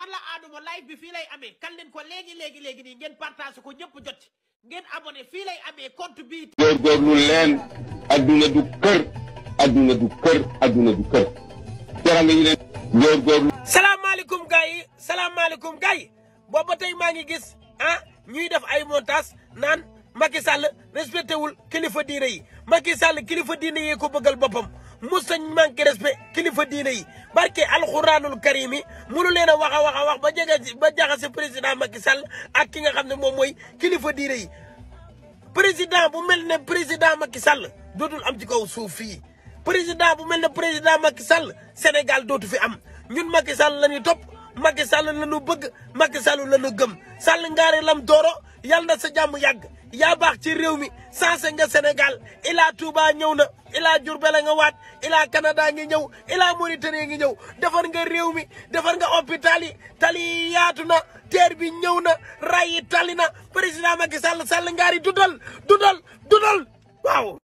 alla aaduma live bi fii lay amee kan leen ko léegi léegi léegi nii ngeen partage ko ñëpp ngeen abonné fii lay amee compte bi góorgóorlu leen adduna du kër adduna du kër adduna du kër teranga ñu leen góorgóorlu salaamaaleykum gars yi salaamaaleykum gars yi booba tey maa ngi gis ah ñuy def ay montage naan Macky Sall respecté wul kilifa diine yi Macky Sall kilifa diine yee ko bëggal boppam mu sëñ manqué respect kilifa diine yi barke alxuraanul karim yi munu leen a wax a wax a wax ba jege ba jaxase président Macky Sall ak ki nga xam ne moom mooy kilifa diine yi président bu mel ne président Macky Sall dootul am ci kaw suuf fii président bu mel ne président Macky Sall Sénégal dootu fi am ñun Macky Sall la ñuy topp Macky Sall la ñu bëgg Macky Sall la ñu gëm Sall ngaari lam dooro yàlla na sa jàmm yàgg yaa baax ci réew mi sansé nga Sénégal ilaa Touba ñëw na ilaa Diourbel nga waat ilaa Canada ngi ñëw ilaa Mauritanie ngi ñëw defar nga réew mi defar nga hôpital yi yaatu na teer bi ñëw na ray yi tali na président Macky Sall Sall ngaari dudal dudal dudal waaw